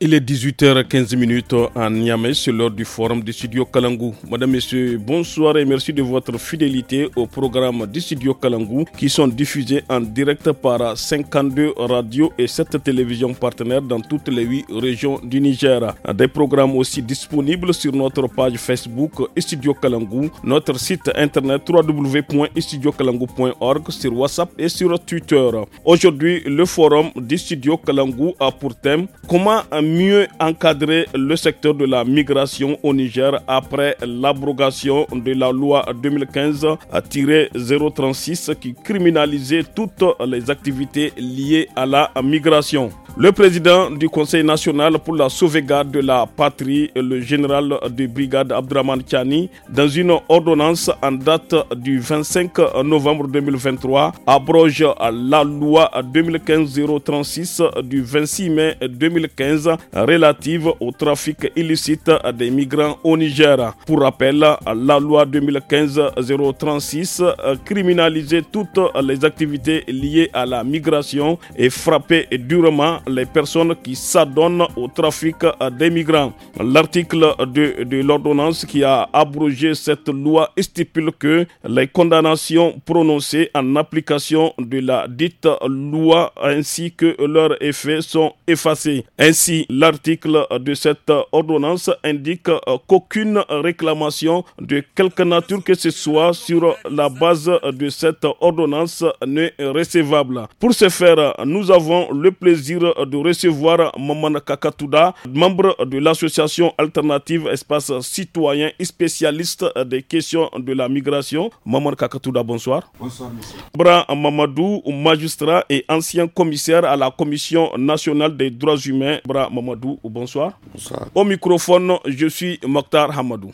Il est 18h15 à Niamey, c'est l'heure du forum d'Istudio studio Kalangou. Madame, Messieurs, bonsoir et merci de votre fidélité au programme du studio Kalangou qui sont diffusés en direct par 52 radios et 7 télévisions partenaires dans toutes les 8 régions du Niger. Des programmes aussi disponibles sur notre page Facebook Studio Kalangou, notre site internet www.studiokalangou.org, sur WhatsApp et sur Twitter. Aujourd'hui, le forum du studio Kalangou a pour thème Comment mieux encadrer le secteur de la migration au Niger après l'abrogation de la loi 2015-036 qui criminalisait toutes les activités liées à la migration. Le président du Conseil national pour la sauvegarde de la patrie, le général de brigade Abdraman Chani, dans une ordonnance en date du 25 novembre 2023, abroge la loi 2015-036 du 26 mai 2015 relative au trafic illicite des migrants au Niger. Pour rappel, la loi 2015-036 criminalisait toutes les activités liées à la migration et frappait durement les personnes qui s'adonnent au trafic des migrants. L'article de, de l'ordonnance qui a abrogé cette loi stipule que les condamnations prononcées en application de la dite loi ainsi que leurs effets sont effacés. Ainsi, L'article de cette ordonnance indique euh, qu'aucune réclamation de quelque nature que ce soit sur la base de cette ordonnance n'est recevable. Pour ce faire, nous avons le plaisir de recevoir Maman Kakatouda, membre de l'association alternative Espace Citoyen et spécialiste des questions de la migration. Maman Kakatouda, bonsoir. Bonsoir, monsieur. Bra Mamadou, magistrat et ancien commissaire à la Commission nationale des droits humains. Bra Bonsoir. Au microphone, je suis Mokhtar Hamadou.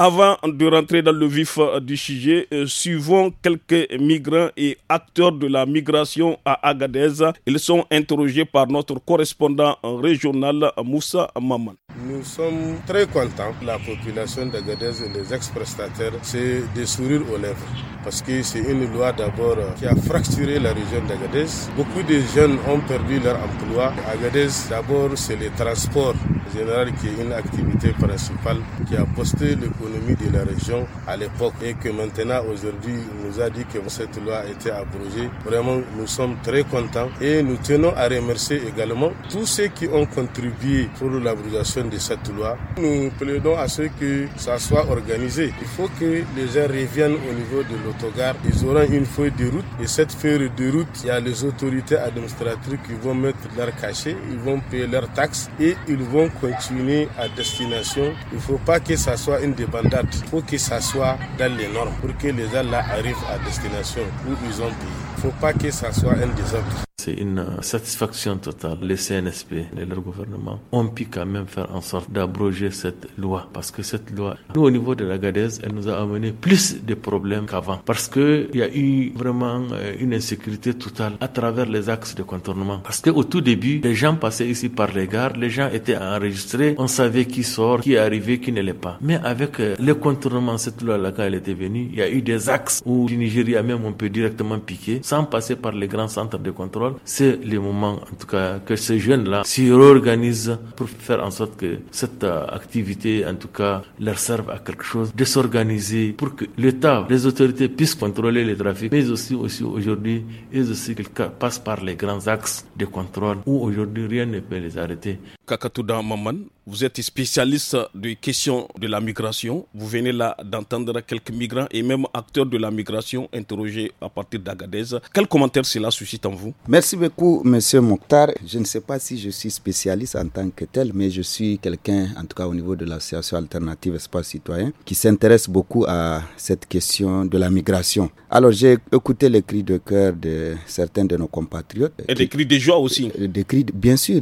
Avant de rentrer dans le vif euh, du sujet, euh, suivons quelques migrants et acteurs de la migration à Agadez. Ils sont interrogés par notre correspondant régional Moussa Maman. Nous sommes très contents. La population d'Agadez et les ex-prestataires, c'est des sourires aux lèvres. Parce que c'est une loi d'abord euh, qui a fracturé la région d'Agadez. Beaucoup de jeunes ont perdu leur emploi. Agadez, d'abord, c'est le transport général qui est une activité principale qui a posté le de la région à l'époque et que maintenant aujourd'hui il nous a dit que cette loi a été abrogée. Vraiment, nous sommes très contents et nous tenons à remercier également tous ceux qui ont contribué pour l'abrogation de cette loi. Nous plaidons à ce que ça soit organisé. Il faut que les gens reviennent au niveau de l'autogare. Ils auront une feuille de route et cette feuille de route, il y a les autorités administratives qui vont mettre leur cachet, ils vont payer leurs taxes et ils vont continuer à destination. Il ne faut pas que ça soit une dépense indépendante pour que ça soit dans les normes, pour que les gens là arrivent à destination où ils ont payé. Il ne faut pas que ça soit un désordre. C'est une euh, satisfaction totale. Les CNSP et leur gouvernement ont pu quand même faire en sorte d'abroger cette loi. Parce que cette loi, nous au niveau de la Gadez, elle nous a amené plus de problèmes qu'avant. Parce qu'il y a eu vraiment euh, une insécurité totale à travers les axes de contournement. Parce qu'au tout début, les gens passaient ici par les gares, les gens étaient enregistrés, on savait qui sort, qui est arrivé, qui ne l'est pas. Mais avec euh, le contournement, cette loi-là, quand elle était venue, il y a eu des axes où du Nigeria même on peut directement piquer sans passer par les grands centres de contrôle c'est le moment, en tout cas, que ces jeunes-là s'y réorganisent pour faire en sorte que cette euh, activité, en tout cas, leur serve à quelque chose de s'organiser pour que l'État, les autorités puissent contrôler les trafics, mais aussi, aussi aujourd'hui, ils aussi, quelqu'un passe par les grands axes de contrôle où aujourd'hui rien ne peut les arrêter. Kakatouda Maman. Vous êtes spécialiste des questions de la migration. Vous venez là d'entendre quelques migrants et même acteurs de la migration interrogés à partir d'Agadez. Quel commentaire cela suscite en vous Merci beaucoup, Monsieur Mokhtar. Je ne sais pas si je suis spécialiste en tant que tel, mais je suis quelqu'un, en tout cas au niveau de l'association alternative Espace Citoyen, qui s'intéresse beaucoup à cette question de la migration. Alors j'ai écouté les cris de cœur de certains de nos compatriotes. Et des cris de joie aussi. Des cris, bien sûr,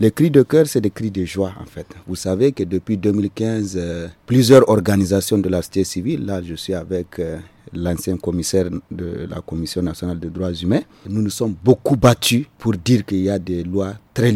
les cris de cœur c'est des cris de joie, en fait. Vous savez que depuis 2015, euh, plusieurs organisations de la société civile, là, je suis avec euh, l'ancien commissaire de la Commission nationale des droits humains, nous nous sommes beaucoup battus pour dire qu'il y a des lois très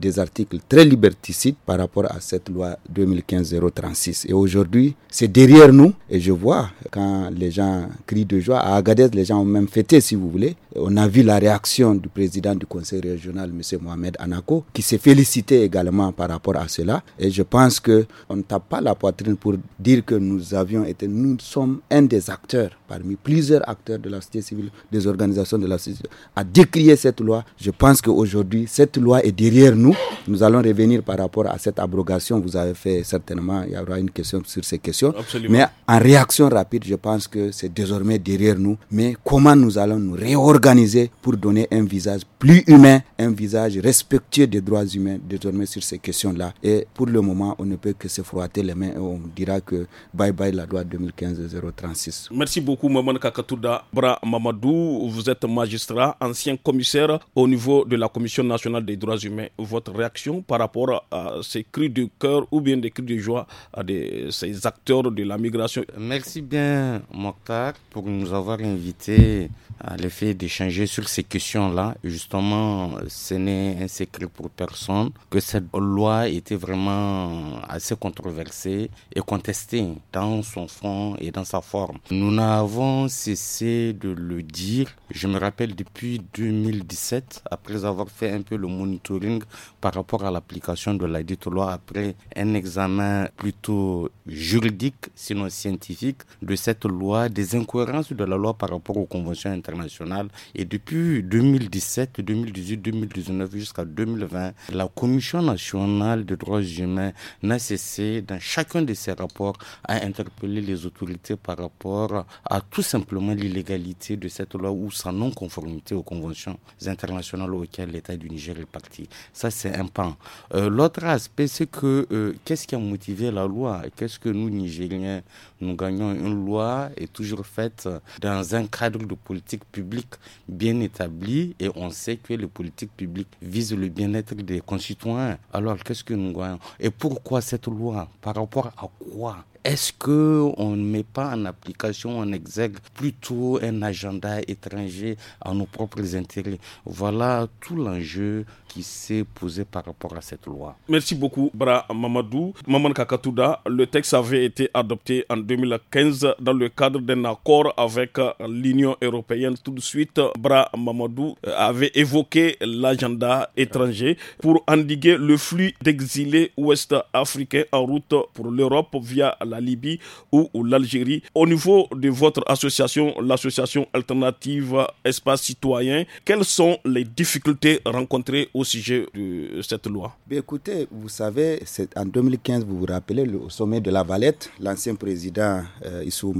des articles très liberticides par rapport à cette loi 2015-036. Et aujourd'hui, c'est derrière nous. Et je vois quand les gens crient de joie, à Agadez, les gens ont même fêté, si vous voulez. On a vu la réaction du président du conseil régional, M. Mohamed Anako, qui s'est félicité également par rapport à cela. Et je pense qu'on ne tape pas la poitrine pour dire que nous avions été, nous sommes un des acteurs El parmi plusieurs acteurs de la société civile, des organisations de la société, à décrié cette loi. Je pense qu'aujourd'hui, cette loi est derrière nous. Nous allons revenir par rapport à cette abrogation. Vous avez fait certainement, il y aura une question sur ces questions. Mais en réaction rapide, je pense que c'est désormais derrière nous. Mais comment nous allons nous réorganiser pour donner un visage plus humain, un visage respectueux des droits humains désormais sur ces questions-là. Et pour le moment, on ne peut que se frotter les mains et on dira que bye bye la loi 2015-036. Merci beaucoup beaucoup, Maman Kakatouda Bra Mamadou. Vous êtes magistrat, ancien commissaire au niveau de la Commission nationale des droits humains. Votre réaction par rapport à ces cris de cœur ou bien des cris de joie à ces acteurs de la migration Merci bien, Mokhtar, pour nous avoir invités à l'effet d'échanger sur ces questions-là. Justement, ce n'est un secret pour personne que cette loi était vraiment assez controversée et contestée dans son fond et dans sa forme. Nous n'avons avons cessé de le dire. Je me rappelle depuis 2017, après avoir fait un peu le monitoring par rapport à l'application de la dite loi, après un examen plutôt juridique, sinon scientifique, de cette loi, des incohérences de la loi par rapport aux conventions internationales. Et depuis 2017, 2018, 2019 jusqu'à 2020, la Commission nationale des droits humains n'a cessé, dans chacun de ses rapports, à interpeller les autorités par rapport à à tout simplement l'illégalité de cette loi ou sa non-conformité aux conventions internationales auxquelles l'État du Niger est parti. Ça, c'est un pan. Euh, l'autre aspect, c'est que euh, qu'est-ce qui a motivé la loi Qu'est-ce que nous, Nigériens, nous gagnons Une loi est toujours faite dans un cadre de politique publique bien établi et on sait que les politiques publiques visent le bien-être des concitoyens. Alors, qu'est-ce que nous gagnons Et pourquoi cette loi Par rapport à quoi est-ce qu'on ne met pas en application, en exergue plutôt un agenda étranger à nos propres intérêts Voilà tout l'enjeu qui s'est posé par rapport à cette loi. Merci beaucoup, Bra Mamadou. Maman Kakatouda, le texte avait été adopté en 2015 dans le cadre d'un accord avec euh, l'Union européenne. Tout de suite, Bra Mamadou euh, avait évoqué l'agenda étranger pour endiguer le flux d'exilés ouest-africains en route pour l'Europe via la la Libye ou, l'Algérie. Au niveau de votre association, l'association alternative Espace Citoyen, quelles sont les difficultés rencontrées au sujet de cette loi Écoutez, vous savez, c'est en 2015, vous vous rappelez, au sommet de la Valette, l'ancien président euh, Issou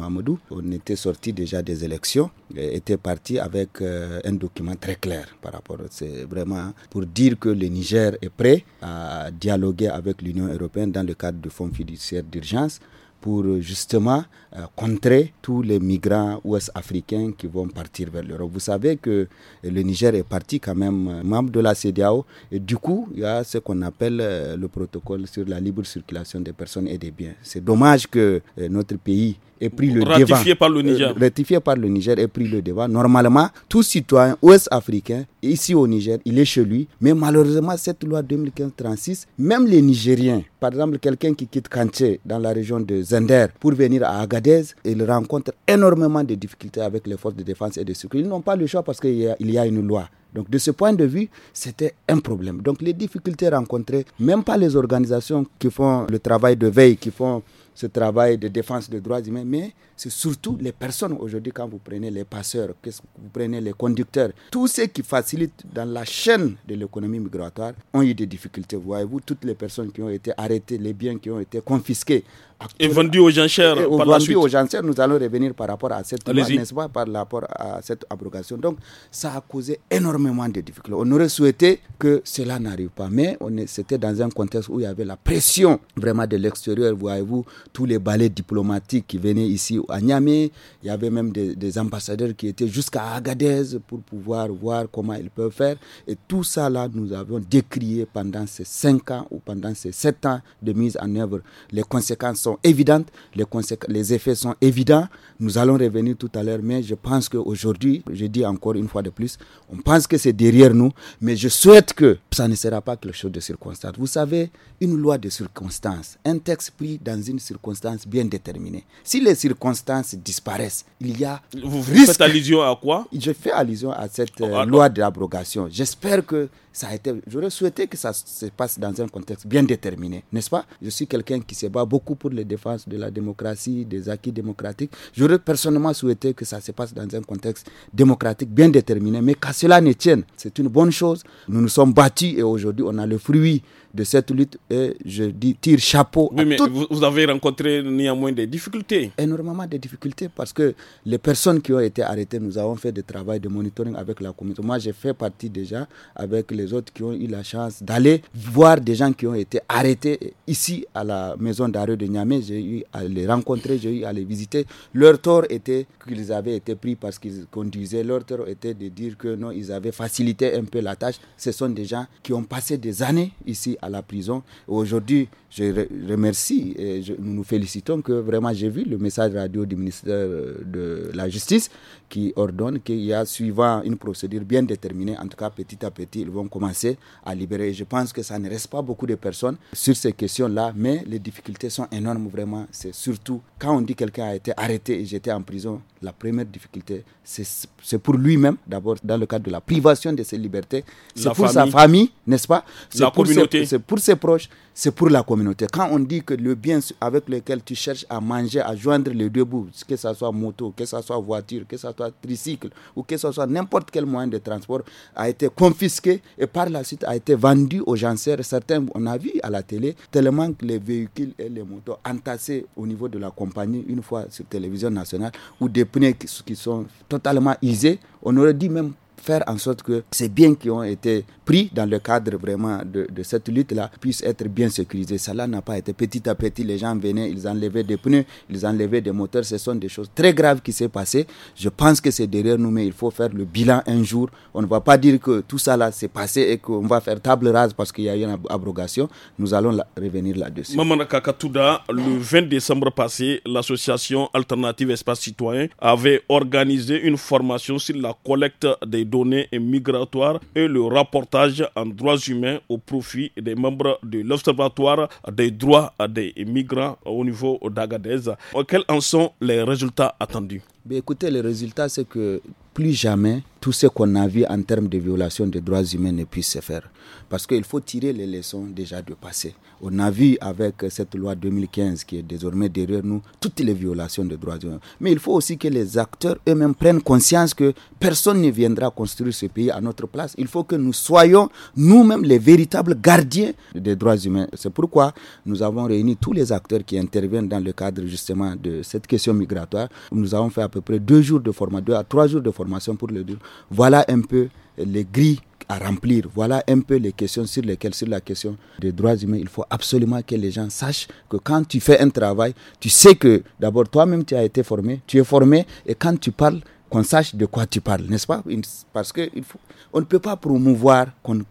on était sorti déjà des élections, était parti avec euh, un document très clair par rapport. C'est vraiment hein, pour dire que le Niger est prêt à dialoguer avec l'Union européenne dans le cadre du Fonds fiduciaire d'urgence pour euh, justement euh, contrer tous les migrants ouest-africains qui vont partir vers l'Europe. Vous savez que le Niger est parti quand même euh, membre de la CDAO et du coup, il y a ce qu'on appelle le protocole sur la libre circulation des personnes et des biens. C'est dommage que notre pays ait pris le ratifié Par le Niger. ratifié par le Niger ait pris le débat. Normalement, tout citoyen ouest-africain ici au Niger, il est chez lui, mais malheureusement cette loi 2015-36, même les Nigériens par exemple, quelqu'un qui quitte Kanché dans la région de Zender pour venir à Agadez, il rencontre énormément de difficultés avec les forces de défense et de sécurité. Ils n'ont pas le choix parce qu'il y, y a une loi. Donc de ce point de vue, c'était un problème. Donc les difficultés rencontrées, même pas les organisations qui font le travail de veille, qui font ce travail de défense des droits humains, mais c'est surtout les personnes aujourd'hui, quand vous prenez les passeurs, que vous prenez les conducteurs, tous ceux qui facilitent dans la chaîne de l'économie migratoire ont eu des difficultés. Voyez-vous, toutes les personnes qui ont été arrêtées, les biens qui ont été confisqués et vendu aux enchères chers par la suite. aux enchères, nous allons revenir par rapport à cette loi, n'est-ce pas, par rapport à cette abrogation. Donc, ça a causé énormément de difficultés. On aurait souhaité que cela n'arrive pas, mais c'était dans un contexte où il y avait la pression vraiment de l'extérieur. Voyez-vous, tous les balais diplomatiques qui venaient ici à Niamey, il y avait même des, des ambassadeurs qui étaient jusqu'à Agadez pour pouvoir voir comment ils peuvent faire. Et tout ça, là, nous avons décrié pendant ces cinq ans ou pendant ces sept ans de mise en œuvre. Les conséquences sont évidentes, les, les effets sont évidents. Nous allons revenir tout à l'heure, mais je pense qu'aujourd'hui, je dis encore une fois de plus, on pense que c'est derrière nous, mais je souhaite que ça ne sera pas quelque chose de circonstance. Vous savez, une loi de circonstance, un texte pris dans une circonstance bien déterminée. Si les circonstances disparaissent, il y a... Vous, faites allusion à quoi Je fais allusion à cette de euh, ah, loi d'abrogation. J'espère que ça a été... J'aurais souhaité que ça se passe dans un contexte bien déterminé, n'est-ce pas Je suis quelqu'un qui se bat beaucoup pour les défenses de la démocratie, des acquis démocratiques. J'aurais personnellement souhaité que ça se passe dans un contexte démocratique bien déterminé, mais qu'à cela ne tienne. C'est une bonne chose. Nous nous sommes battus et aujourd'hui, on a le fruit de cette lutte et je dis tire chapeau. à mais vous avez rencontré néanmoins des difficultés. Énormément de difficultés parce que les personnes qui ont été arrêtées, nous avons fait des travail de monitoring avec la communauté. Moi, j'ai fait partie déjà avec les autres qui ont eu la chance d'aller voir des gens qui ont été arrêtés ici à la maison d'arrêt de Niamey. J'ai eu à les rencontrer, j'ai eu à les visiter. Leur tort était qu'ils avaient été pris parce qu'ils conduisaient. Leur tort était de dire que non, ils avaient facilité un peu la tâche. Ce sont des gens qui ont passé des années ici à la prison. Aujourd'hui, je remercie et je, nous nous félicitons que vraiment j'ai vu le message radio du ministère euh, de la Justice qui ordonne qu'il y a, suivant une procédure bien déterminée, en tout cas petit à petit, ils vont commencer à libérer. Je pense que ça ne reste pas beaucoup de personnes sur ces questions-là, mais les difficultés sont énormes vraiment. C'est surtout quand on dit quelqu'un a été arrêté et j'étais en prison, la première difficulté, c'est pour lui-même, d'abord dans le cadre de la privation de ses libertés, c'est pour sa famille, n'est-ce pas C'est pour, c'est pour ses proches, c'est pour la communauté. Quand on dit que le bien avec lequel tu cherches à manger, à joindre les deux bouts, que ce soit moto, que ce soit voiture, que ce soit tricycle, ou que ce soit n'importe quel moyen de transport, a été confisqué et par la suite a été vendu aux gens. Certains, on a vu à la télé, tellement que les véhicules et les motos entassés au niveau de la compagnie, une fois sur télévision nationale, ou des pneus qui sont totalement usés. On aurait dit même faire en sorte que ces biens qui ont été pris dans le cadre vraiment de, cette lutte-là puissent être bien sécurisés. Cela n'a pas été petit à petit. Les gens venaient, ils enlevaient des pneus, ils enlevaient des moteurs. Ce sont des choses très graves qui s'est passées. Je pense que c'est derrière nous, mais il faut faire le bilan un jour. On ne va pas dire que tout ça là s'est passé et qu'on va faire table rase parce qu'il y a eu une abrogation. Nous allons revenir là-dessus. Kakatouda, le 20 décembre passé, l'association Alternative Espace Citoyen avait organisé une formation sur la collecte des données migratoires et le rapportage en droits humains au profit des membres de l'Observatoire des droits des migrants au niveau d'Agadez. Quels en sont les résultats attendus mais écoutez, le résultat, c'est que plus jamais tout ce qu'on a vu en termes de violation des droits humains ne puisse se faire. Parce qu'il faut tirer les leçons déjà du passé. On a vu avec cette loi 2015 qui est désormais derrière nous toutes les violations des droits humains. Mais il faut aussi que les acteurs eux-mêmes prennent conscience que personne ne viendra construire ce pays à notre place. Il faut que nous soyons nous-mêmes les véritables gardiens des droits humains. C'est pourquoi nous avons réuni tous les acteurs qui interviennent dans le cadre justement de cette question migratoire. Nous avons fait peu près deux jours de formation, deux à trois jours de formation pour le dire. Voilà un peu les grilles à remplir. Voilà un peu les questions sur lesquelles, sur la question des droits humains, il faut absolument que les gens sachent que quand tu fais un travail, tu sais que d'abord toi-même tu as été formé, tu es formé et quand tu parles, qu'on sache de quoi tu parles, n'est-ce pas Parce qu'on on ne peut pas promouvoir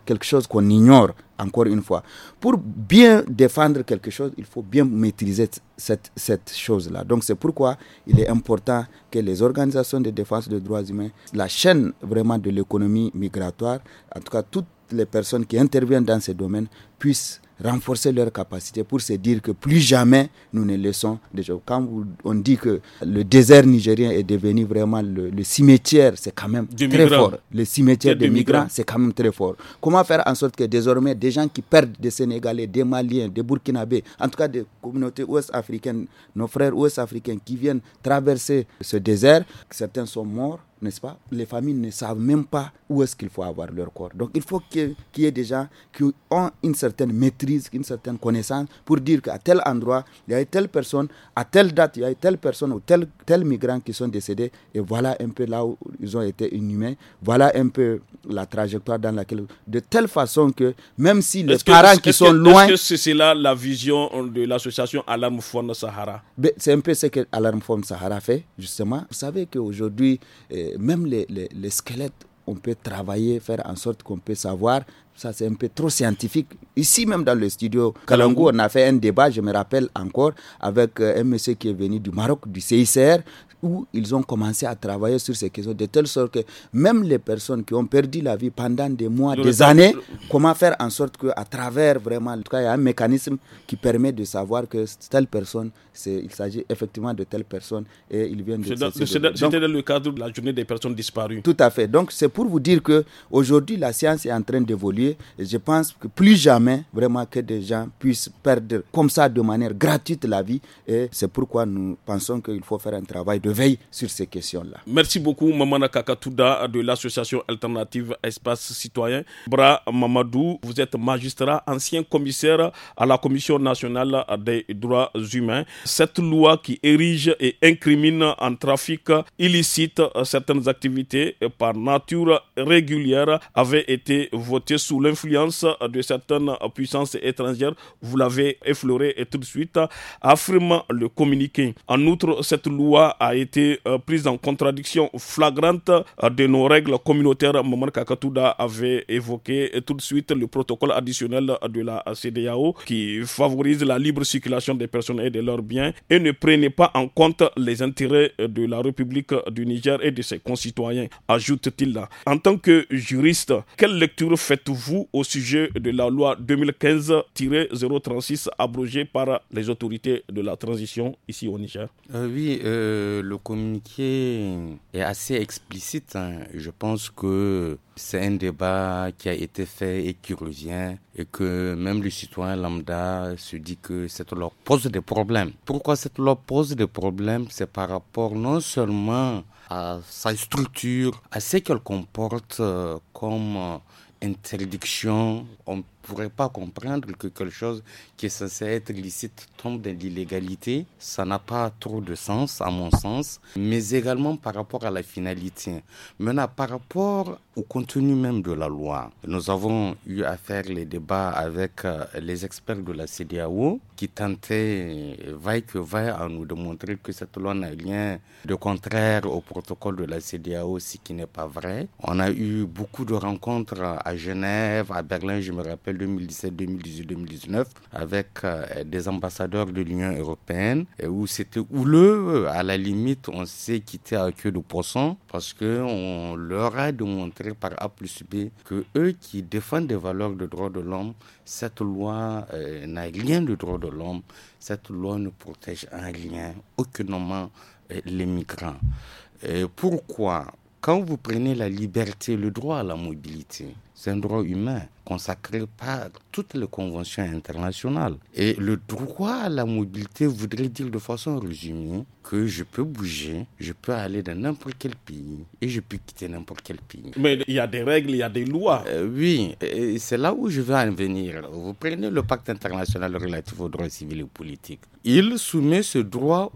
quelque chose qu'on ignore encore une fois. Pour bien défendre quelque chose, il faut bien maîtriser cette, chose-là. Donc c'est pourquoi il est important que les organisations de défense des droits humains, la chaîne vraiment de l'économie migratoire, en tout cas toutes les personnes qui interviennent dans ces domaines, puissent renforcer leurs capacités pour se dire que plus jamais nous ne laissons des gens. Quand on dit que le désert nigérien est devenu vraiment le, cimetière, c'est quand même très fort. Le cimetière des, migrants, migrants. c'est quand même très fort. Comment faire en sorte que désormais des gens qui perdent des Sénégalais, des Maliens, des Burkinabés, en tout cas des communautés ouest-africaines, nos frères ouest-africains qui viennent traverser ce désert, certains sont morts, n'est-ce pas Les familles ne savent même pas où est-ce qu'il faut avoir leur corps. Donc il faut qu'il y, ait des gens qui ont une certaine maîtrise, une certaine connaissance pour dire qu'à tel endroit, il y a telle personne, à telle date, il y a telle personne ou tel, tel migrant qui sont décédés et voilà un peu là où ils ont été inhumés, voilà un peu la trajectoire dans laquelle... De telle façon que même si les parents qui sont loin... Est-ce que c'est là la vision de l'association Alarm Fond Sahara ben, C'est un peu ce que Alarme Fond Sahara fait, justement. Vous savez qu'aujourd'hui... Euh, même les, les, squelettes on peut travailler, faire en sorte qu'on peut savoir. Ça, c'est un peu trop scientifique. Ici, même dans le studio Kalangu, on a fait un débat, je me rappelle encore, avec euh, un monsieur qui est venu du Maroc, du CICR, où ils ont commencé à travailler sur ces questions, de telle sorte que même les personnes qui ont perdu la vie pendant des mois, des années, comment faire en sorte qu'à travers vraiment, en tout cas, il y a un mécanisme qui permet de savoir que telle personne, il s'agit effectivement de telle personne et il vient de... C'était dans le cadre de la journée des personnes disparues. Tout à fait. Donc c'est pour vous dire que aujourd'hui la science est en train d'évoluer et je pense que plus jamais vraiment que des gens puissent perdre comme ça de manière gratuite la vie et c'est pourquoi nous pensons qu'il faut faire un travail de veille sur ces questions-là. Merci beaucoup, Mamana Kakatouda de l'association alternative Espace Citoyen. Bra Mamadou, vous êtes magistrat, ancien commissaire à la Commission nationale des droits humains. Cette loi qui érige et incrimine en trafic illicite certaines activités par nature régulière avait été votée sous l'influence de certaines puissances étrangères. Vous l'avez effleuré et tout de suite, affirme le communiqué. En outre, cette loi a été été euh, prise en contradiction flagrante euh, de nos règles communautaires. Maman Kakatouda avait évoqué euh, tout de suite le protocole additionnel de la CDAO qui favorise la libre circulation des personnes et de leurs biens et ne prenait pas en compte les intérêts de la République du Niger et de ses concitoyens, ajoute-t-il. En tant que juriste, quelle lecture faites-vous au sujet de la loi 2015-036 abrogée par les autorités de la transition ici au Niger Oui, le communiqué est assez explicite. Hein. Je pense que c'est un débat qui a été fait et qui revient et que même le citoyen lambda se dit que cette loi pose des problèmes. Pourquoi cette loi pose des problèmes C'est par rapport non seulement à sa structure, à ce qu'elle comporte euh, comme euh, interdiction, on pourrait pas comprendre que quelque chose qui est censé être licite tombe dans l'illégalité. Ça n'a pas trop de sens, à mon sens, mais également par rapport à la finalité. Maintenant, par rapport au contenu même de la loi, nous avons eu à faire les débats avec euh, les experts de la CDAO qui tentaient, vaille que vaille, à nous démontrer que cette loi n'a rien de contraire au protocole de la CDAO, ce qui n'est pas vrai. On a eu beaucoup de rencontres à Genève, à Berlin, je me rappelle 2017, 2018, 2019, avec euh, des ambassadeurs de l'Union européenne, et où c'était houleux. À la limite, on s'est quitté à queue de poisson parce qu'on leur a démontré par A plus B que eux qui défendent des valeurs de droits de l'homme, cette loi euh, n'a rien de droit de l'homme. Cette loi ne protège en rien, aucunement, euh, les migrants. pourquoi Quand vous prenez la liberté, le droit à la mobilité, c'est un droit humain consacré par toutes les conventions internationales. Et le droit à la mobilité voudrait dire de façon résumée que je peux bouger, je peux aller dans n'importe quel pays et je peux quitter n'importe quel pays. Mais il y a des règles, il y a des lois. Euh, oui, c'est là où je veux en venir. Vous prenez le pacte international relatif aux droits civils et politiques. Il soumet ce droit,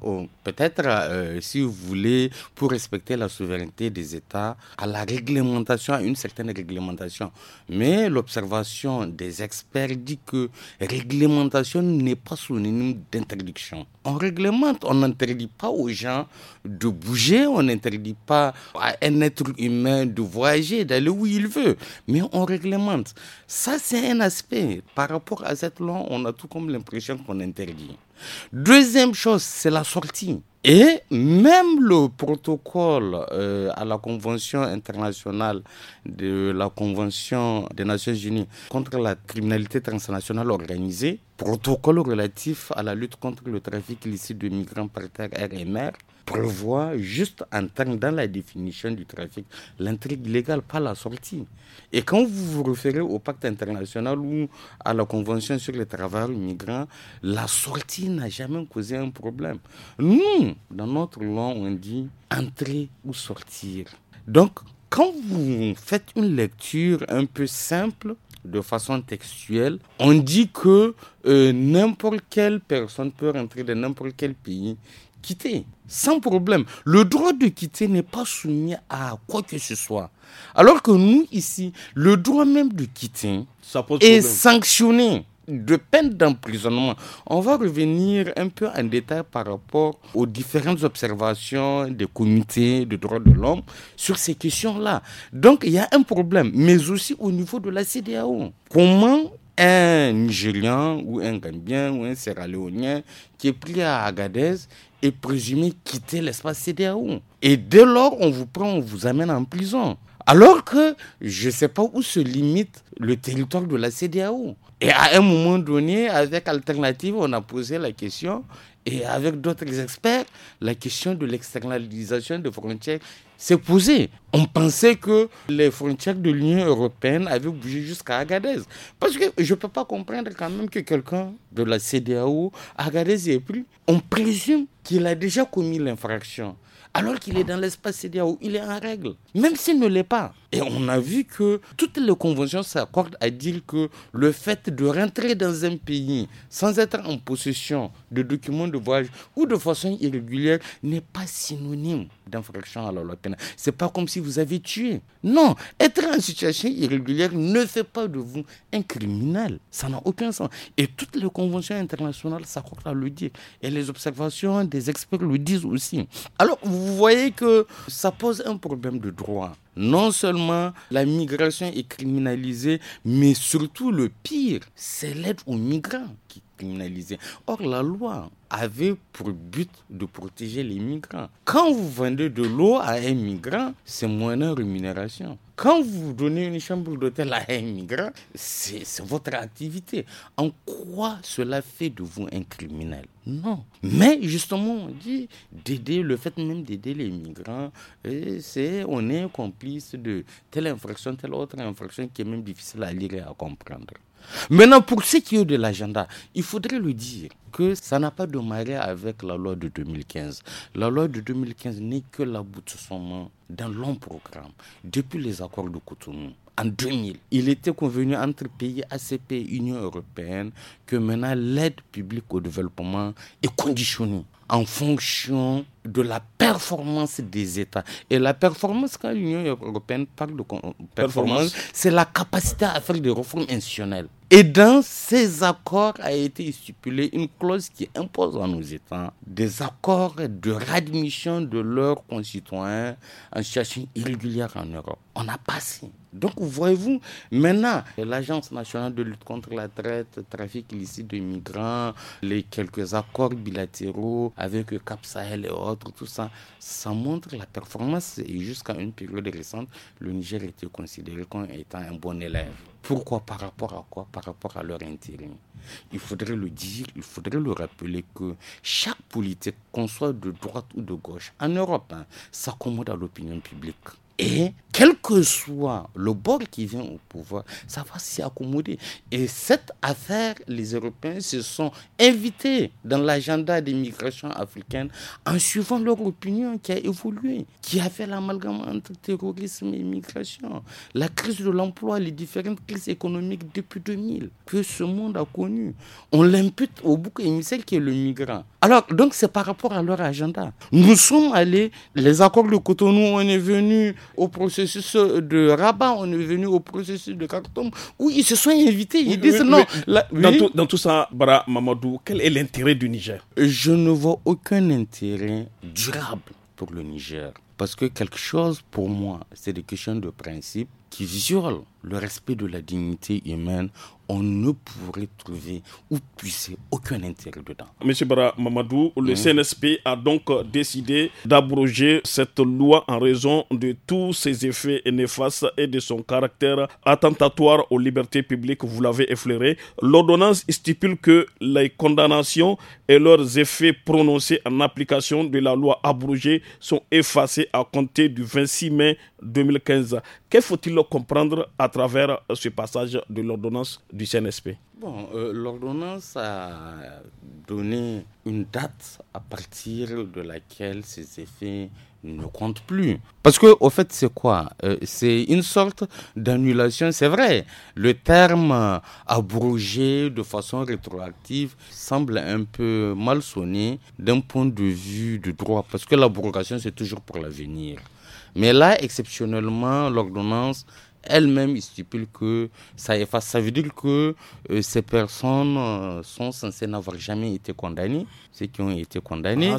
peut-être, euh, si vous voulez, pour respecter la souveraineté des États, à la réglementation, à une certaine réglementation. Mais l'observation des experts dit que réglementation n'est pas synonyme d'interdiction. On réglemente, on n'interdit pas aux gens de bouger, on n'interdit pas à un être humain de voyager, d'aller où il veut, mais on réglemente. Ça, c'est un aspect. Par rapport à cette loi, on a tout comme l'impression qu'on interdit. Deuxième chose, c'est la sortie. Et même le protocole euh, à la Convention internationale de la Convention des Nations Unies contre la criminalité transnationale organisée, protocole relatif à la lutte contre le trafic illicite de migrants par terre, RMR prévoit juste en tant dans la définition du trafic l'intrigue légale, pas la sortie. Et quand vous vous référez au pacte international ou à la convention sur les travailleurs migrants, la sortie n'a jamais causé un problème. Nous, dans notre loi, on dit entrer ou sortir. Donc, quand vous faites une lecture un peu simple, de façon textuelle, on dit que euh, n'importe quelle personne peut rentrer de n'importe quel pays quitter, sans problème. Le droit de quitter n'est pas soumis à quoi que ce soit. Alors que nous, ici, le droit même de quitter est sanctionné de peine d'emprisonnement. On va revenir un peu en détail par rapport aux différentes observations des comités de droits de l'homme sur ces questions-là. Donc il y a un problème, mais aussi au niveau de la CDAO. Comment un Nigérian ou un Gambien ou un Sierra leonien qui est pris à Agadez et présumé quitter l'espace CDAO. Et dès lors, on vous prend, on vous amène en prison. Alors que je ne sais pas où se limite le territoire de la CDAO. Et à un moment donné, avec Alternative, on a posé la question et avec d'autres experts, la question de l'externalisation des frontières s'est posée. On pensait que les frontières de l'Union européenne avaient bougé jusqu'à Agadez. Parce que je ne peux pas comprendre quand même que quelqu'un de la CDAO, Agadez ait plus, on présume qu'il a déjà commis l'infraction alors qu'il est dans l'espace où il est en règle, même s'il ne l'est pas. Et on a vu que toutes les conventions s'accordent à dire que le fait de rentrer dans un pays sans être en possession de documents de voyage ou de façon irrégulière n'est pas synonyme d'infraction à la loi pénale. C'est pas comme si vous avez tué. Non, être en situation irrégulière ne fait pas de vous un criminel. Ça n'a aucun sens. Et toutes les conventions internationales s'accordent à le dire. Et les observations des experts le disent aussi. Alors, vous voyez que ça pose un problème de droit. Non seulement la migration est criminalisée, mais surtout le pire, c'est l'aide aux migrants qui Or, la loi avait pour but de protéger les migrants. Quand vous vendez de l'eau à un migrant, c'est moins de rémunération. Quand vous donnez une chambre d'hôtel à un migrant, c'est votre activité. En quoi cela fait de vous un criminel Non. Mais justement, on dit d'aider, le fait même d'aider les migrants, eh, c'est on est complice de telle infraction, telle autre infraction qui est même difficile à lire et à comprendre. Maintenant, pour ce qui est de l'agenda, il faudrait le dire que ça n'a pas démarré avec la loi de 2015. La loi de 2015 n'est que l'aboutissement d'un long programme depuis les accords de Cotonou. En 2000, il était convenu entre pays ACP et Union européenne que maintenant l'aide publique au développement est conditionnée en fonction de la performance des États. Et la performance, quand l'Union européenne parle de performance, c'est la capacité à faire des réformes institutionnelles. Et dans ces accords a été stipulée une clause qui impose à nos États des accords de réadmission de leurs concitoyens en situation irrégulière en Europe. On a passé. Donc, voyez-vous, maintenant, l'Agence nationale de lutte contre la traite, trafic ici de migrants, les quelques accords bilatéraux avec le Cap Sahel et autres, tout ça, ça montre la performance. Et jusqu'à une période récente, le Niger était considéré comme étant un bon élève. Pourquoi Par rapport à quoi Par rapport à leur intérêt. Il faudrait le dire, il faudrait le rappeler que chaque politique, qu'on soit de droite ou de gauche, en Europe, hein, s'accommode à l'opinion publique. Et quel que soit le bord qui vient au pouvoir, ça va s'y accommoder. Et cette affaire, les Européens se sont invités dans l'agenda des migrations africaines en suivant leur opinion qui a évolué, qui a fait l'amalgame entre terrorisme et migration. La crise de l'emploi, les différentes crises économiques depuis 2000 que ce monde a connu, on l'impute au bouc émissaire qui est le migrant. Alors, donc, c'est par rapport à leur agenda. Nous sommes allés, les accords de Cotonou, on est venu au processus de Rabat, on est venu au processus de Khartoum, où ils se sont invités. Ils disent non. Dans, tout, dans, tout, ça, Bara Mamadou, quel est l'intérêt du Niger Je ne vois aucun intérêt mhm. durable pour le Niger. Parce que quelque chose, pour moi, c'est des questions de principe qui violent le respect de la dignité humaine on ne pourrait trouver ou puisser aucun intérêt dedans. Monsieur Bara Mamadou, le CNSP a donc décidé d'abroger cette loi en raison de tous ses effets néfastes et de son caractère attentatoire aux libertés publiques, vous l'avez effleuré. L'ordonnance stipule que les condamnations et leurs effets prononcés en application de la loi abrogée sont effacés à compter du 26 mai 2015. Qu'est-ce faut-il comprendre à travers ce passage de l'ordonnance du CNSP Bon, euh, l'ordonnance a donné une date à partir de laquelle ces effets ne comptent plus. Parce que, au fait, c'est quoi euh, C'est une sorte d'annulation, c'est vrai. Le terme abrogé de façon rétroactive semble un peu mal sonné d'un point de vue du droit, parce que l'abrogation, c'est toujours pour l'avenir. Mais là, exceptionnellement, l'ordonnance elle-même stipule que ça efface. Ça veut dire que euh, ces personnes euh, sont censées n'avoir jamais été condamnées ceux qui ont été condamnés.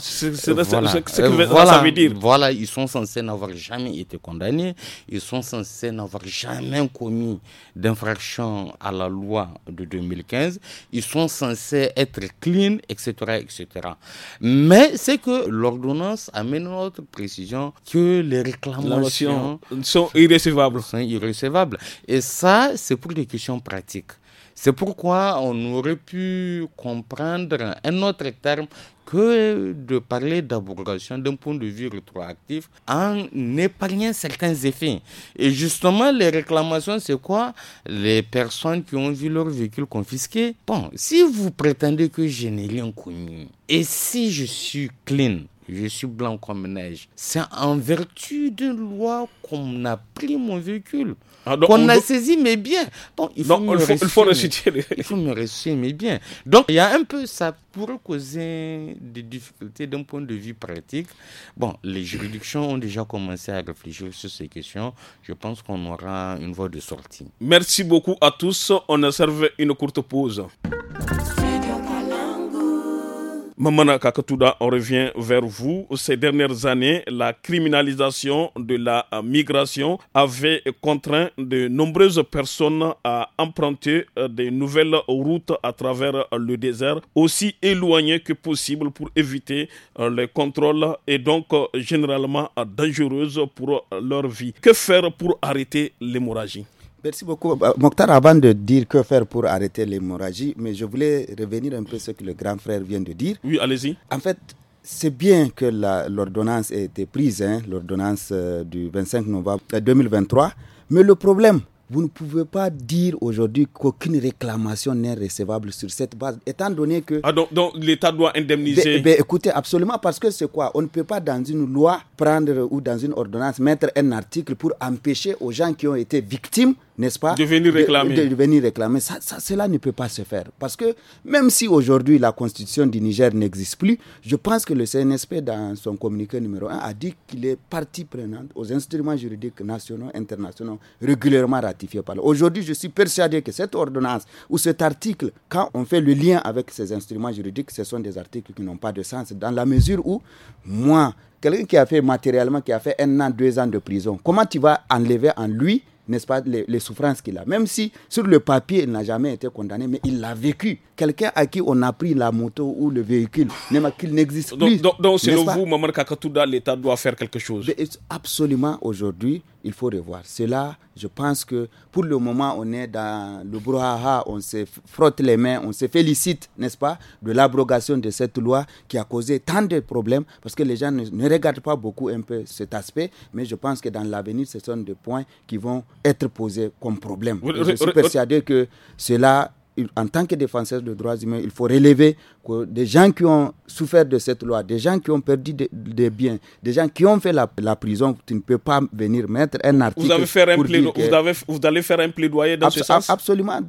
voilà. dire. Voilà, ils sont censés n'avoir jamais été condamnés, ils sont censés n'avoir jamais commis d'infraction à la loi de 2015, ils sont censés être clean, etc. etc. Mais c'est que l'ordonnance amène une autre précision que les réclamations sont Sont irrécevables. Et ça, c'est pour des questions pratiques. C'est pourquoi on aurait pu comprendre un autre terme que de parler d'abrogation d'un point de vue rétroactif en épargnant certains effets. Et justement, les réclamations, c'est quoi Les personnes qui ont vu leur véhicule confisqué. Bon, si vous prétendez que je n'ai rien connu, et si je suis clean, je suis blanc comme neige. C'est en vertu d'une loi qu'on a pris mon véhicule. Ah, qu'on on... a saisi, mais bien. il faut, me il Mais, bien. Donc, il y a un peu, ça pour causer des difficultés d'un point de vue pratique. Bon, les juridictions ont déjà commencé à réfléchir sur ces questions. Je pense qu'on aura une voie de sortie. Merci beaucoup à tous. On observe une courte pause. Mamana Kakatouda, on revient vers vous. Ces dernières années, la criminalisation de la migration avait contraint de nombreuses personnes à emprunter euh, de nouvelles routes à travers le désert, aussi éloignées que possible pour éviter euh, les contrôles et donc euh, généralement dangereuses pour leur vie. Que faire pour arrêter l'hémorragie Merci beaucoup. Bah, Mokhtar, avant de dire que faire pour arrêter l'hémorragie, mais je voulais revenir un peu sur ce que le grand frère vient de dire. Oui, allez-y. En fait, c'est bien que l'ordonnance ait été prise, hein, l'ordonnance euh, du 25 novembre 2023, euh, mais le problème, vous ne pouvez pas dire aujourd'hui qu'aucune réclamation n'est recevable sur cette base, étant donné que... Ah donc, donc l'État doit indemniser ben, ben, Écoutez, absolument, parce que c'est quoi On ne peut pas dans une loi prendre ou dans une ordonnance mettre un article pour empêcher aux gens qui ont été victimes n'est-ce pas De venir réclamer. cela ne peut pas se faire. Parce que même si aujourd'hui la constitution du Niger n'existe plus, je pense que le CNSP, dans son communiqué numéro 1, a dit qu'il est partie prenante aux instruments juridiques nationaux, internationaux, régulièrement ratifiés par Aujourd'hui, je suis persuadé que cette ordonnance ou cet article, quand on fait le lien avec ces instruments juridiques, ce sont des articles qui n'ont pas de sens, dans la mesure où, moi, quelqu'un qui a fait matériellement, qui a fait un an, deux ans de prison, comment tu vas enlever en lui n'est-ce pas, les, souffrances qu'il a. Même si sur le papier, il n'a jamais été condamné, mais il l'a vécu. Quelqu'un à qui on a pris la moto ou le véhicule, même qu'il n'existe plus. Donc, donc selon vous, Maman Kakatouda, l'État doit faire quelque chose Absolument, aujourd'hui, il faut revoir. Cela, je pense que pour le moment, on est dans le brouhaha, on se frotte les mains, on se félicite, n'est-ce pas, de l'abrogation de cette loi qui a causé tant de problèmes parce que les gens ne, regardent pas beaucoup un peu cet aspect, mais je pense que dans l'avenir, ce sont des points qui vont être posés comme problème. je suis persuadé que cela en tant que défenseur de droits humains, il faut relever que des gens qui ont souffert de cette loi, des gens qui ont perdu des, biens, des gens qui ont fait la, prison, tu ne peux pas venir mettre un article. Vous, vous, allez faire un plaidoyer dans ce sens Absolument,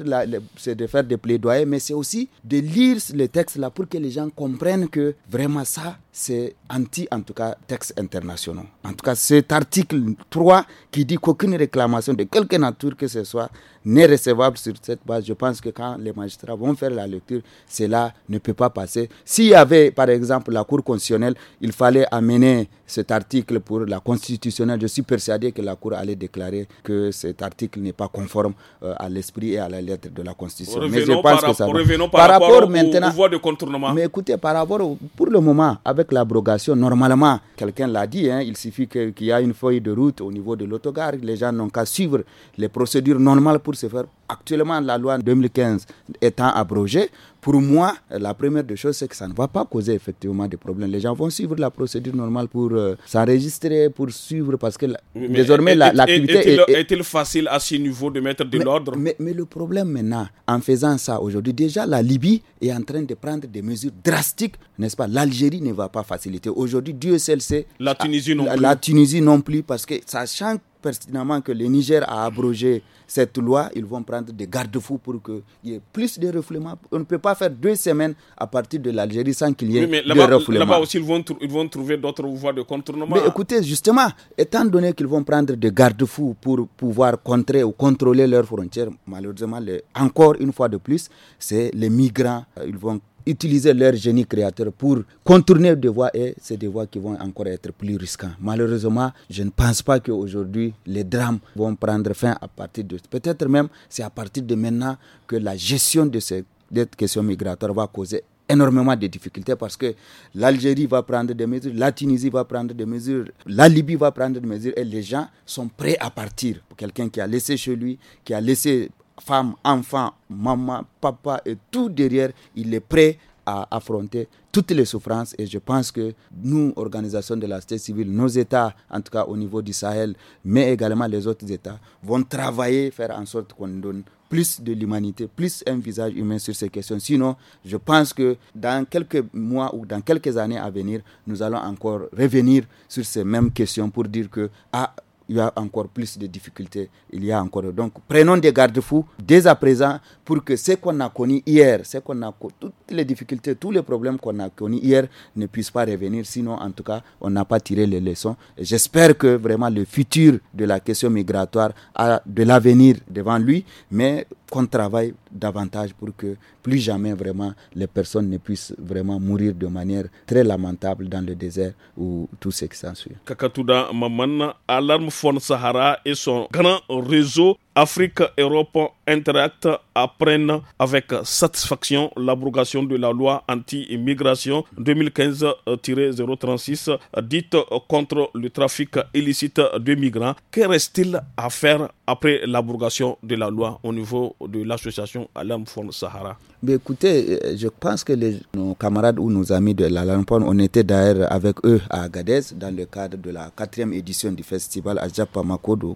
c'est de faire des plaidoyers, mais c'est aussi de lire le texte là pour que les gens comprennent que vraiment ça, c'est anti, en tout cas, texte international En tout cas, cet article 3 qui dit qu'aucune réclamation de quelque nature que ce soit n'est recevable sur cette base, je pense que quand les magistrats vont faire la lecture, cela ne peut pas passer. S'il y avait, par exemple, la Cour constitutionnelle, il fallait amener cet article pour la constitutionnelle. Je suis persuadé que la Cour allait déclarer que cet article n'est pas conforme euh, à l'esprit et à la lettre de la Constitution. Revenons mais je pense par, que ça. par, rapport, maintenant, de contournement. Mais écoutez, par rapport, pour le moment, avec l'abrogation, normalement, quelqu'un l'a dit, hein, il suffit qu'il y ait une feuille de route au niveau de l'autogare, les gens n'ont qu'à suivre les procédures normales pour se faire Actuellement, la loi 2015 étant abrogée, pour moi, la première des choses, c'est que ça ne va pas causer effectivement des problèmes. Les gens vont suivre la procédure normale pour euh, s'enregistrer, pour suivre, parce que désormais, l'activité... La, Est-il facile à ce niveau de mettre de l'ordre mais, mais, le problème maintenant, en faisant ça aujourd'hui, déjà la Libye est en train de prendre des mesures drastiques, n'est-ce pas L'Algérie ne va pas faciliter. Aujourd'hui, Dieu seul sait... La Tunisie non plus. La Tunisie non plus, parce que sachant pertinemment que le Niger a abrogé cette loi, ils vont prendre des garde-fous pour qu'il y ait plus de refoulement. On ne peut pas faire deux semaines à partir de l'Algérie sans qu'il y ait de mais là-bas, aussi, ils vont, ils vont trouver d'autres voies de contournement. Mais écoutez, justement, étant donné qu'ils vont prendre des garde-fous pour pouvoir contrer ou contrôler leurs frontières, malheureusement, encore une fois de plus, c'est les migrants. Euh, ils vont utiliser leur génie créateur pour contourner des voies et c'est des voies qui vont encore être plus risquantes. Malheureusement, je ne pense pas qu'aujourd'hui les drames vont prendre fin à partir de... Peut-être même c'est à partir de maintenant que la gestion de ces cette question migratoire va causer énormément de difficultés parce que l'Algérie va prendre des mesures, la Tunisie va prendre des mesures, la Libye va prendre des mesures et les gens sont prêts à partir. Quelqu'un qui a laissé chez lui, qui a laissé femme, enfant, maman, papa et tout derrière, il est prêt à affronter toutes les souffrances et je pense que nous, organisations de la société civile, nos États, en tout cas au niveau du Sahel, mais également les autres États, vont travailler, faire en sorte qu'on donne plus de l'humanité, plus un visage humain sur ces questions. Sinon, je pense que dans quelques mois ou dans quelques années à venir, nous allons encore revenir sur ces mêmes questions pour dire que ah, il y a encore plus de difficultés. Il y a encore. Donc, prenons des garde-fous dès à présent pour que ce qu'on a connu hier, ce qu'on a toutes les difficultés, tous les problèmes qu'on a connus hier ne puissent pas revenir. Sinon, en tout cas, on n'a pas tiré les leçons. J'espère que vraiment le futur de la question migratoire a de l'avenir devant lui, mais qu'on travaille davantage pour que plus jamais vraiment les personnes ne puissent vraiment mourir de manière très lamentable dans le désert ou tout ce qui s'ensuit. Kakatouda Maman, Alarme Fond Sahara et son grand réseau Afrique Europe Interact apprennent avec satisfaction l'abrogation de la loi anti-immigration 2015-036 euh, dite contre le trafic illicite de migrants. Que reste-t-il à faire après l'abrogation de la loi au niveau de l'association Alam Fond Sahara Mais Écoutez, euh, je pense que nos camarades ou nos amis de la Fond, on était d'ailleurs avec eux à Agadez dans le cadre de la quatrième édition du festival Ajapa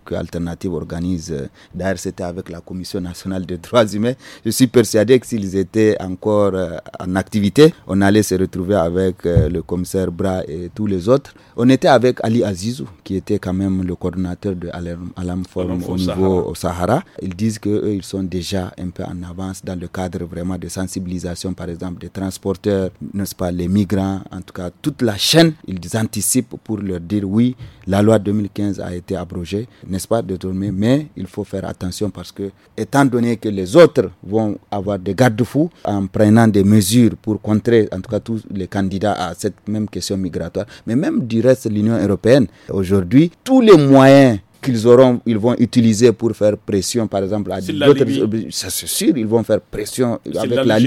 que Alternative organise euh, D'ailleurs, c'était avec la Commission nationale des droits humains. Je suis persuadé que s'ils étaient encore euh, en activité, on allait se retrouver avec euh, le commissaire Bra et tous les autres. On était avec Ali Azizou, qui était quand même le coordinateur de Alam, Forum au, niveau Sahara. au Sahara. Ils disent qu'eux, ils sont déjà un peu en avance dans le cadre vraiment de sensibilisation, par exemple, des transporteurs, n'est-ce pas, les migrants, en tout cas, toute la chaîne, ils anticipent pour leur dire oui, la loi 2015 a été abrogée, n'est-ce pas, tourner mais il faut attention parce que, étant donné que les autres vont avoir des garde-fous en prenant des mesures pour contrer, en tout cas, tous les candidats à cette même question migratoire, mais même du reste, l'Union européenne, aujourd'hui, tous les moyens qu'ils auront, ils vont utiliser pour faire pression, par exemple, à d'autres. C'est sûr, ils vont faire pression avec la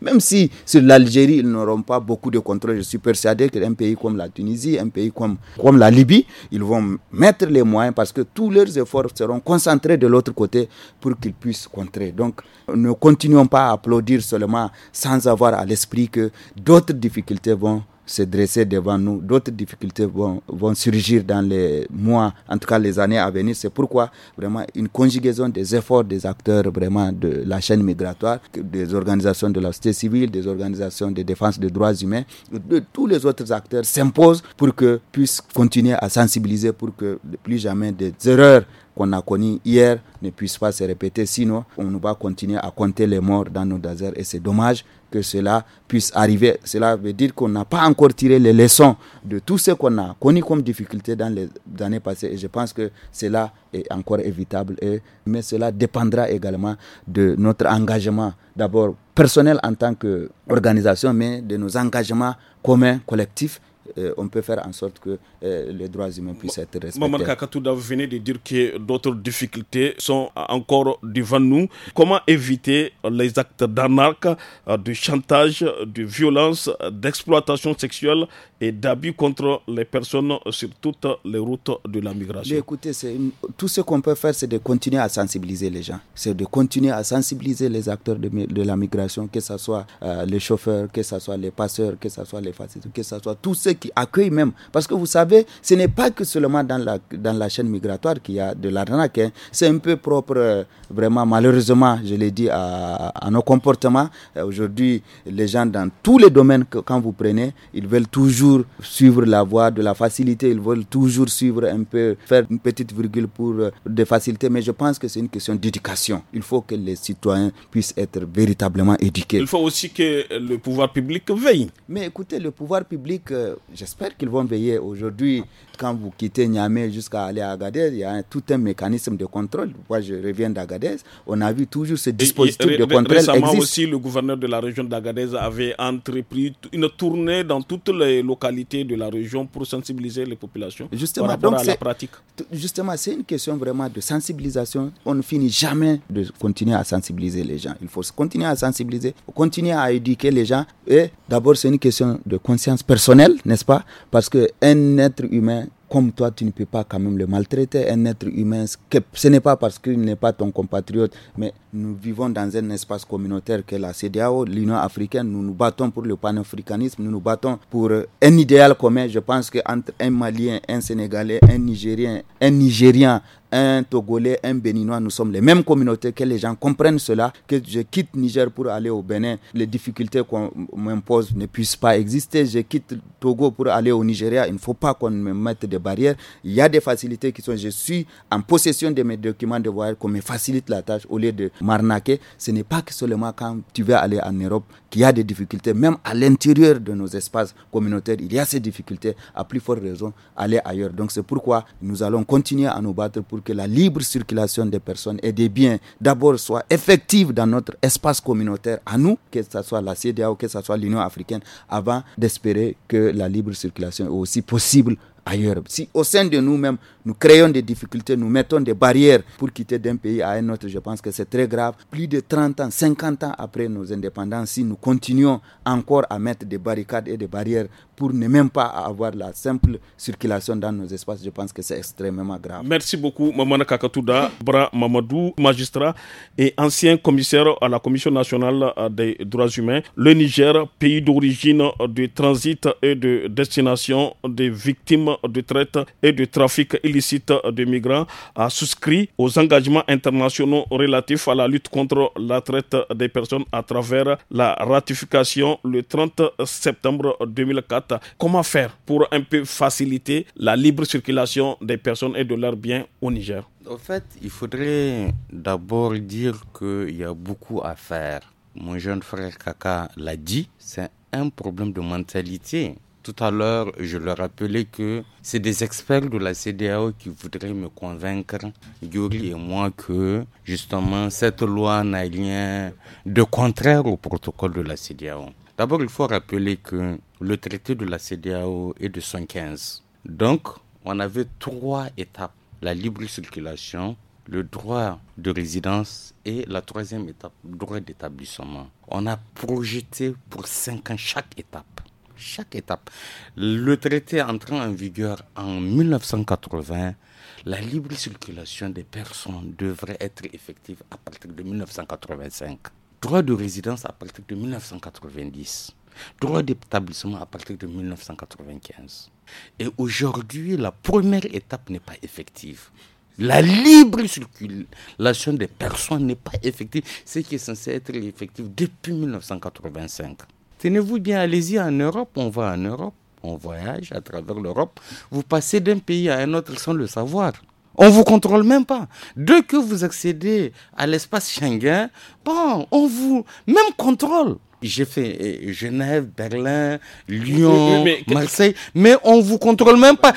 même si sur l'Algérie, ils n'auront pas beaucoup de contrôle. Je suis persuadé qu'un pays comme la Tunisie, un pays comme, comme la Libye, ils vont mettre les moyens parce que tous leurs efforts seront concentrés de l'autre côté pour qu'ils puissent contrer. Donc, ne continuons pas à applaudir seulement sans avoir à l'esprit que d'autres difficultés vont se dresser devant nous. D'autres difficultés vont, surgir dans les mois, en tout cas les années à venir. C'est pourquoi vraiment une conjugaison des efforts des acteurs vraiment de la chaîne migratoire, des organisations de la société civile, des organisations de défense des droits humains, de tous les autres acteurs s'impose pour que puissent continuer à sensibiliser pour que plus jamais des erreurs qu'on a connues hier ne puissent pas se répéter. Sinon, on va continuer à compter les morts dans nos déserts et c'est dommage que cela puisse arriver. Cela veut dire qu'on n'a pas encore tiré les leçons de tout ce qu'on a connu comme difficulté dans les années passées. Et je pense que cela est encore évitable. Et, mais cela dépendra également de notre engagement, d'abord personnel en tant qu'organisation, mais de nos engagements communs, collectifs euh, on peut faire en sorte que euh, les droits humains puissent être respectés. Maman Kakatouda, vous venez de dire que d'autres difficultés sont encore devant nous. Comment éviter les actes d'anarchie, euh, de chantage, de violence, d'exploitation sexuelle et d'abus contre les personnes sur toutes les routes de la migration Écoutez, tout ce qu'on peut faire, c'est de continuer à sensibiliser les gens. C'est de continuer à sensibiliser les acteurs de, la migration, que ce soit les chauffeurs, que ce soit les passeurs, que ce soit les fascistes, que ce soit tous ceux qui accueille accueillent même. Parce que vous savez, ce n'est pas que seulement dans la, dans la chaîne migratoire qu'il y a de l'arnaque. Hein. C'est un peu propre, euh, vraiment, malheureusement, je l'ai dit, à, nos comportements. Euh, aujourd'hui, les gens dans tous les domaines que quand vous prenez, ils veulent toujours suivre la voie de la facilité. Ils veulent toujours suivre un peu, faire une petite virgule pour euh, des facilités. Mais je pense que c'est une question d'éducation. Il faut que les citoyens puissent être véritablement éduqués. Il faut aussi que le pouvoir public veille. Mais écoutez, le pouvoir public, j'espère qu'ils vont veiller. Aujourd'hui, quand vous quittez Niamey jusqu'à aller à Agadez, il y a tout un mécanisme de contrôle. Moi, je reviens d'Agadez. On a vu toujours ce dispositif de contrôle. Récemment aussi, le gouverneur de la région d'Agadez avait entrepris une tournée dans toutes les localités de la région pour sensibiliser les populations justement, par rapport à la pratique. Justement, c'est une question vraiment de sensibilisation. On ne finit jamais de continuer à sensibiliser les gens. Il faut continuer à sensibiliser, continuer à éduquer les gens. Et d'abord, c'est une question de conscience personnelle, n'est-ce pas Parce qu'un être humain comme toi, tu ne peux pas quand même le maltraiter, un être humain. Ce n'est pas parce qu'il n'est pas ton compatriote, mais nous vivons dans un espace communautaire que la CDAO, l'Union africaine, nous nous battons pour le panafricanisme, nous nous battons pour euh, un idéal commun. Je pense qu'entre un Malien, un Sénégalais, un Nigérien, un Nigérien, un Togolais, un Béninois, nous sommes les mêmes communautés, que les gens comprennent cela, que je quitte Niger pour aller au Bénin, les difficultés qu'on m'impose ne puissent pas exister, je quitte Togo pour aller au Nigeria, il ne faut pas qu'on me mette des barrières, il y a des facilités qui sont, je suis en possession de mes documents de voyage, qu'on me facilite la tâche au lieu de m'arnaquer, ce n'est pas que seulement quand tu veux aller en Europe qu'il y a des difficultés. Même à l'intérieur de nos espaces communautaires, il y a ces difficultés. À plus forte raison, aller ailleurs. Donc c'est pourquoi nous allons continuer à nous battre pour que la libre circulation des personnes et des biens d'abord soit effective dans notre espace communautaire à nous, que ce soit la ou que ce soit l'Union africaine, avant d'espérer que la libre circulation est aussi possible ailleurs. Si au sein de nous-mêmes, nous créons des difficultés, nous mettons des barrières pour quitter d'un pays à un autre, je pense que c'est très grave. Plus de 30 ans, 50 ans après nos indépendances, si nous continuons encore à mettre des barricades et des barrières pour ne même pas avoir la simple circulation dans nos espaces, je pense que c'est extrêmement grave. Merci beaucoup, Mamana Kakatouda, Bra Mamadou, magistrat et ancien commissaire à la Commission nationale euh, des droits humains. Le Niger, pays d'origine, de transit et de destination des victimes de traite et de trafic illicite de migrants a souscrit aux engagements internationaux relatifs à la lutte contre la traite des personnes à travers la ratification le 30 septembre 2004. Comment faire pour un peu faciliter la libre circulation des personnes et de leurs biens au Niger en fait, il faudrait d'abord dire qu'il y a beaucoup à faire. Mon jeune frère Kaka l'a dit, c'est un problème de mentalité tout à l'heure, je leur rappelais que c'est des experts de la CDAO qui voudraient me convaincre, Yuri et moi, que justement cette loi n'a rien de contraire au protocole de la CDAO. D'abord, il faut rappeler que le traité de la CDAO est de 115. Donc, on avait trois étapes. La libre circulation, le droit de résidence et la troisième étape, le droit d'établissement. On a projeté pour cinq ans chaque étape chaque étape. Le traité entrant en vigueur en 1980, la libre circulation des personnes devrait être effective à partir de 1985. Droit de résidence à partir de 1990. Droit d'établissement à partir de 1995. Et aujourd'hui, la première étape n'est pas effective. La libre circulation des personnes n'est pas effective, ce qui est censé être effectif depuis 1985. Tenez-vous bien, allez-y en Europe, on va en Europe, on voyage à travers l'Europe. Vous passez d'un pays à un autre sans le savoir. On vous contrôle même pas. Dès que vous accédez à l'espace Schengen, bon, on vous même contrôle. J'ai fait euh, Genève, Berlin, Lyon, Marseille, mais on vous contrôle même pas.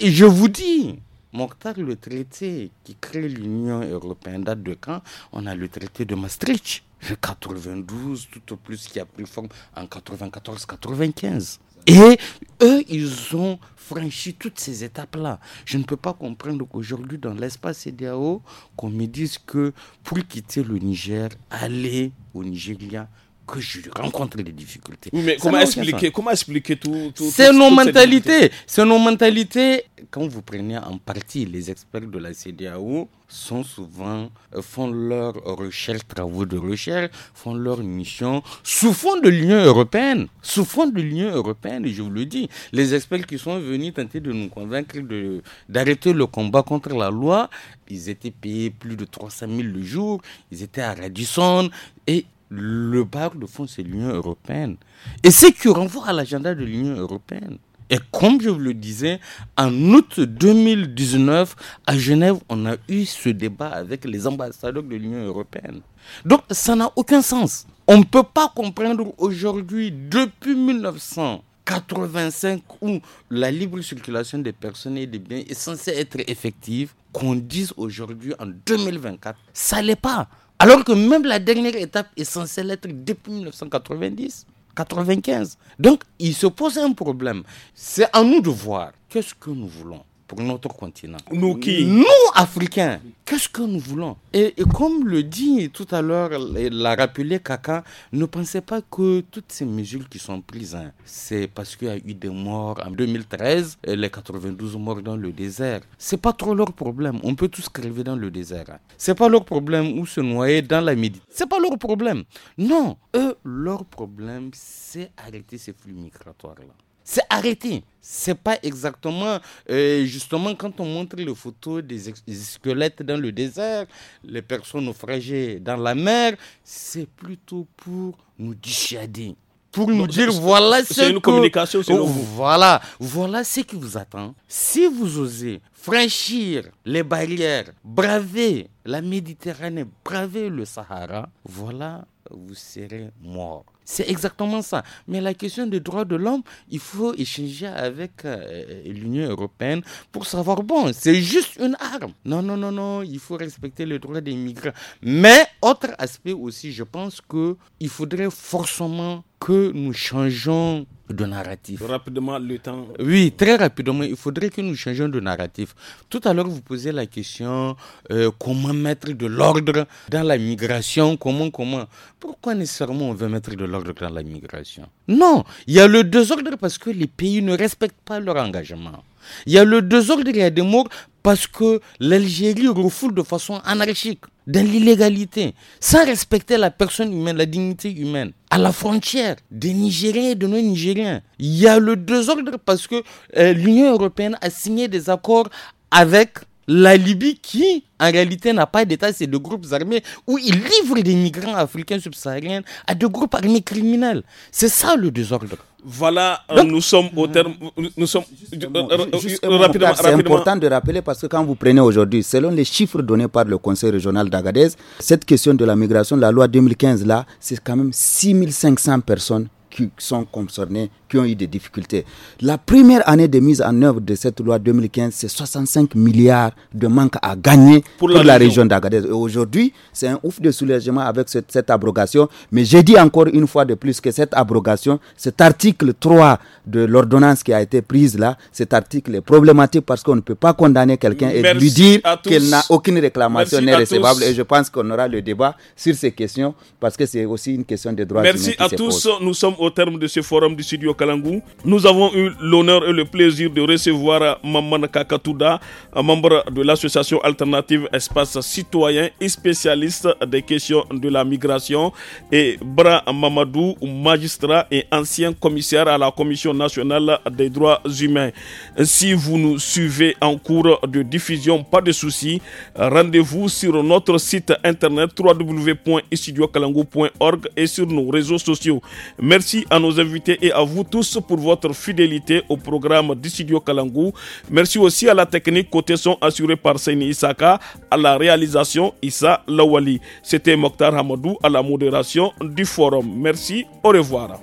Et je vous dis, Mortar, le traité qui crée l'Union européenne date de quand On a le traité de Maastricht, 92, tout au plus, qui a pris forme en 94-95. Et eux, ils ont franchi toutes ces étapes-là. Je ne peux pas comprendre qu'aujourd'hui, dans l'espace EDAO, qu'on me dise que pour quitter le Niger, aller au Nigeria, que je rencontre des difficultés. mais comment expliquer, comment expliquer tout, tout C'est nos mentalités. C'est nos mentalités. Quand vous prenez en partie les experts de la CDAO, sont souvent, euh, font leurs recherches, travaux de recherche, font leur mission sous fond de l'Union européenne. Sous fond de l'Union européenne, je vous le dis. Les experts qui sont venus tenter de nous convaincre d'arrêter le combat contre la loi, ils étaient payés plus de 300 000 le jour, ils étaient à Radisson et le bar de fond, c'est l'Union européenne. Et ce qui renvoie à l'agenda de l'Union européenne. Et comme je vous le disais, en août 2019, à Genève, on a eu ce débat avec les ambassadeurs de l'Union européenne. Donc, ça n'a aucun sens. On ne peut pas comprendre aujourd'hui, depuis 1985, où la libre circulation des personnes et des biens est censée être effective, qu'on dise aujourd'hui en 2024, ça l'est pas. Alors que même la dernière étape est censée l'être depuis 1990. 95. Donc, il se pose un problème. C'est à nous de voir qu'est-ce que nous voulons pour notre continent. Nous qui Nous, Africains, qu'est-ce que nous voulons et, comme le dit tout à l'heure, l'a rappelé Kaka, ne pensez pas que toutes ces mesures qui sont prises, hein, c'est parce qu'il y a eu des morts en 2013, et les 92 morts dans le désert. C'est pas trop leur problème. On peut tous crever dans le désert. Ce hein. C'est pas leur problème ou se noyer dans la Méditerranée. C'est pas leur problème. Non, eux, leur problème, c'est arrêter ces flux migratoires-là. C'est arrêté. C'est pas exactement, euh, justement, quand on montre les photos des, squelettes dans le désert, les personnes naufragées dans la mer, c'est plutôt pour nous dissuader, pour nous dire voilà ce communication, oh, voilà, voilà ce qui vous attend. Si vous osez franchir les barrières, braver la Méditerranée, braver le Sahara, voilà, vous serez mort. C'est exactement ça. Mais la question des droits de l'homme, il faut échanger avec euh, l'Union européenne pour savoir, bon, c'est juste une arme. Non, non, non, non, il faut respecter les droits des migrants. Mais autre aspect aussi, je pense qu'il faudrait forcément que nous changeons de narratif. Rapidement, le temps. Oui, très rapidement. Il faudrait que nous changions de narratif. Tout à l'heure, vous posez la question euh, comment mettre de l'ordre dans la migration Comment, comment Pourquoi nécessairement on veut mettre de l'ordre dans la migration Non, il y a le désordre parce que les pays ne respectent pas leur engagement. Il y a le désordre, il y a des morts parce que l'Algérie refoule de façon anarchique dans l'illégalité, sans respecter la personne humaine, la dignité humaine, à la frontière des Nigériens et de nos nigériens Il y a le désordre parce que euh, l'Union européenne a signé des accords avec la Libye qui, en réalité, n'a pas d'État, c'est de groupes armés où ils livrent des migrants africains subsahariens à des groupes armés criminels. C'est ça le désordre. Voilà, euh, nous sommes au terme. Euh, nous sommes euh, C'est important de rappeler parce que quand vous prenez aujourd'hui, selon les chiffres donnés par le Conseil régional d'Agadez, cette question de la migration, la loi 2015 là, c'est quand même 6500 personnes qui sont concernées ont eu des difficultés. La première année de mise en œuvre de cette loi 2015, c'est 65 milliards de manque à gagner pour, la, région, région d'Agadez. Aujourd'hui, c'est un ouf de soulagement avec cette, abrogation. Mais j'ai dit encore une fois de plus que cette abrogation, cet article 3 de l'ordonnance qui a été prise là, cet article est problématique parce qu'on ne peut pas condamner quelqu'un et lui dire qu'elle n'a aucune réclamation n'est recevable. Et je pense qu'on aura le débat sur ces questions parce que c'est aussi une question de droits Merci à tous. Nous sommes au terme de ce forum du studio nous avons eu l'honneur et le plaisir de recevoir Maman Kakatouda, membre de l'association alternative Espace Citoyen et spécialiste des questions de la migration, et Bra Mamadou, magistrat et ancien commissaire à la Commission nationale des droits humains. Si vous nous suivez en cours de diffusion, pas de soucis, Rendez-vous sur notre site internet www.istudiocalango.org et sur nos réseaux sociaux. Merci à nos invités et à vous tous tous pour votre fidélité au programme du studio Kalangou. Merci aussi à la technique côté son assurée par Seini Isaka, à la réalisation Issa Lawali. C'était Mokhtar Hamadou à la modération du forum. Merci, au revoir.